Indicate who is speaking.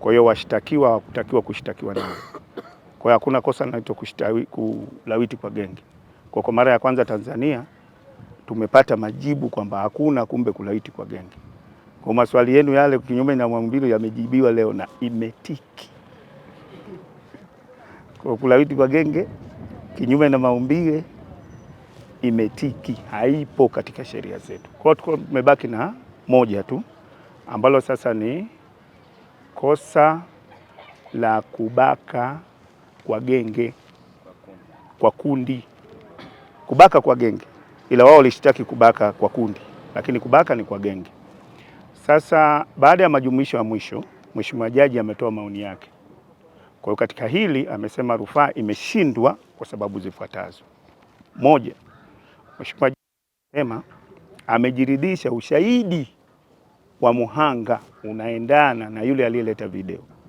Speaker 1: Kwa hiyo washtakiwa hawakutakiwa kushtakiwa nao. Kwa hiyo hakuna kosa linaloitwa kulawiti kwa genge. Kwa kwa mara ya kwanza Tanzania tumepata majibu kwamba hakuna kumbe kulawiti kwa genge. Kwa maswali yenu yale kinyume na mwambili yamejibiwa leo na imetiki. Kwa kulawiti kwa genge kinyume na maumbile imetiki, haipo katika sheria zetu. Kwa hiyo tumebaki na moja tu ambalo sasa ni kosa la kubaka kwa genge kwa kundi, kubaka kwa genge, ila wao walishtaki kubaka kwa kundi, lakini kubaka ni kwa genge. Sasa baada ya majumuisho ya mwisho, mheshimiwa jaji ametoa maoni yake. Kwa hiyo katika hili amesema rufaa imeshindwa kwa sababu zifuatazo. Moja, mheshimiwa jaji amesema amejiridhisha ushahidi wa muhanga unaendana na yule aliyeleta video.